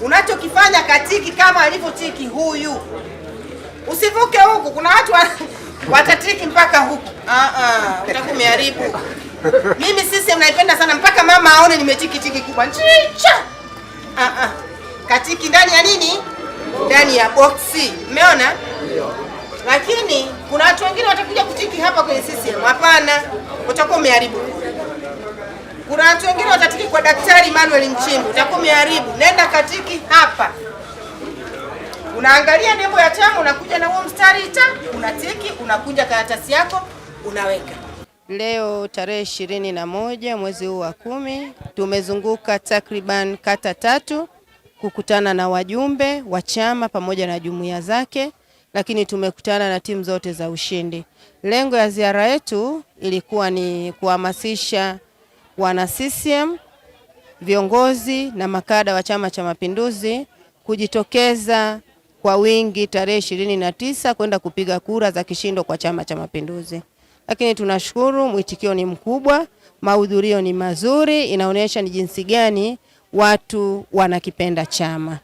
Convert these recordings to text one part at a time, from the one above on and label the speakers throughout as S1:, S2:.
S1: Unachokifanya katiki kama alivyotiki huyu, usivuke huku, kuna watu wa... watatiki mpaka huku. Ah, ah, utakumeharibu mimi sisi mnaipenda sana mpaka mama aone nimetiki tiki kubwa chicha. Ah, ah. Katiki ndani ya nini? Ndani ya boksi, mmeona? Lakini kuna watu wengine watakuja kutiki hapa kwenye sisi, Hapana, utakuwa umeharibu. Kuna watu wengine watatiki kwa Daktari Manuel Nchimbi, utakuwa umeharibu. Nenda katiki hapa, unaangalia nembo ya chama, unakuja na huo mstari ita, unatiki, unakunja karatasi yako, unaweka.
S2: Leo tarehe ishirini na moja mwezi huu wa kumi tumezunguka takriban kata tatu kukutana na wajumbe wa chama pamoja na jumuiya zake, lakini tumekutana na timu zote za ushindi. Lengo ya ziara yetu ilikuwa ni kuhamasisha wana CCM, viongozi na makada wa Chama cha Mapinduzi kujitokeza kwa wingi tarehe ishirini na tisa kwenda kupiga kura za kishindo kwa Chama cha Mapinduzi. Lakini tunashukuru mwitikio ni mkubwa, mahudhurio ni mazuri, inaonyesha ni jinsi gani watu wanakipenda chama.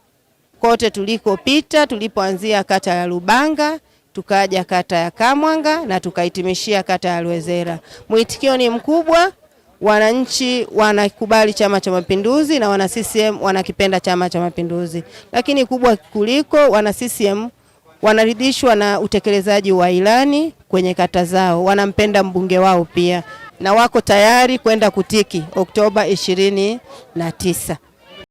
S2: Kote tulikopita, tulipoanzia kata ya Lubanga tukaja kata ya Kamwanga na tukahitimishia kata ya Lwezera, mwitikio ni mkubwa wananchi wanakubali Chama cha Mapinduzi na wana CCM wanakipenda Chama cha Mapinduzi, lakini kubwa kuliko wana CCM wanaridhishwa na utekelezaji wa ilani kwenye kata zao, wanampenda mbunge wao pia na wako tayari kwenda kutiki Oktoba ishirini na tisa.